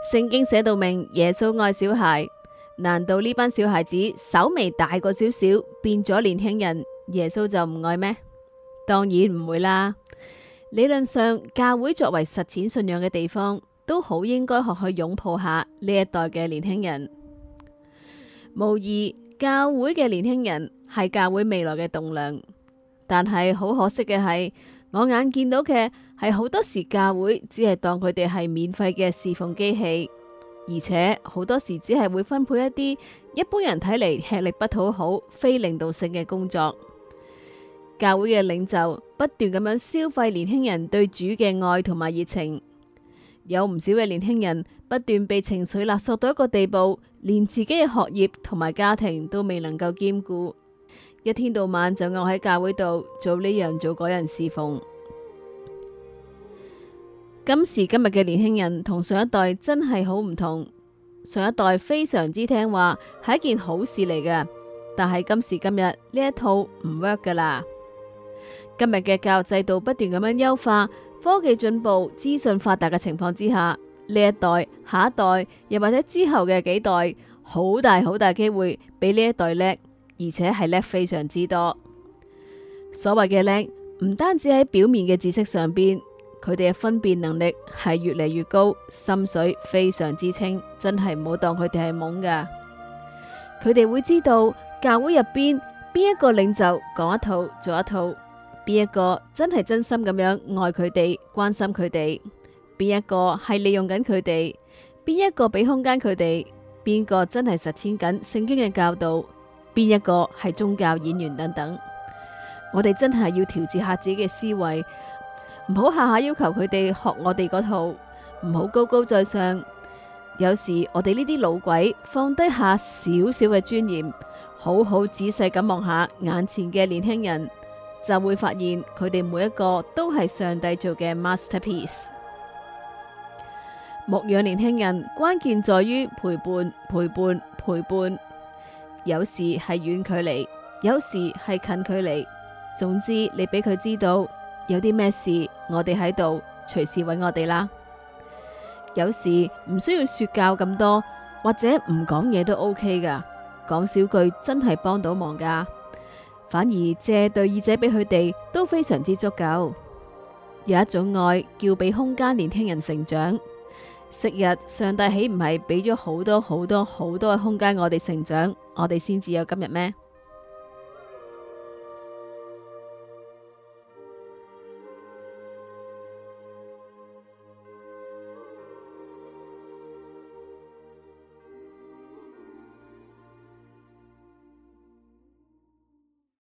聖經寫到明，耶穌愛小孩。難道呢班小孩子稍微大過少少，變咗年輕人，耶穌就唔愛咩？當然唔會啦。理論上，教會作為實踐信仰嘅地方，都好應該學去擁抱下呢一代嘅年輕人。無疑，教會嘅年輕人係教會未來嘅棟樑。但係好可惜嘅係，我眼見到嘅，係好多時教會只係當佢哋係免費嘅侍奉機器，而且好多時只係會分配一啲一般人睇嚟吃力不討好、非領導性嘅工作。教會嘅領袖不斷咁樣消費年輕人對主嘅愛同埋熱情，有唔少嘅年輕人不斷被情緒勒索到一個地步，連自己嘅學業同埋家庭都未能夠兼顧。一天到晚就我喺教會度做呢樣做嗰樣侍奉。今時今日嘅年輕人同上一代真係好唔同。上一代非常之聽話，係一件好事嚟嘅。但係今時今日呢一套唔 work 噶啦。今日嘅教育制度不斷咁樣優化，科技進步、資訊發達嘅情況之下，呢一代、下一代，又或者之後嘅幾代，好大好大機會比呢一代叻。而且係叻非常之多。所謂嘅叻，唔單止喺表面嘅知識上邊，佢哋嘅分辨能力係越嚟越高，心水非常之清，真係唔好當佢哋係懵噶。佢哋會知道教會入邊邊一個領袖講一套做一套，邊一個真係真心咁樣愛佢哋、關心佢哋，邊一個係利用緊佢哋，邊一個俾空間佢哋，邊個真係實踐緊聖經嘅教導。邊一個係宗教演員等等，我哋真係要調節下自己嘅思維，唔好下下要求佢哋學我哋嗰套，唔好高高在上。有時我哋呢啲老鬼放低下少少嘅尊嚴，好好仔細咁望下眼前嘅年輕人，就會發現佢哋每一個都係上帝做嘅 masterpiece。牧養年輕人關鍵在於陪伴，陪伴，陪伴。有時係遠距離，有時係近距離。總之，你俾佢知道有啲咩事，我哋喺度隨時揾我哋啦。有時唔需要說教咁多，或者唔講嘢都 OK 噶。講少句真係幫到忙噶。反而借對耳仔俾佢哋都非常之足夠。有一種愛叫俾空間年輕人成長。昔日，上帝豈唔係俾咗好多好多好多嘅空間我哋成長，我哋先至有今日咩？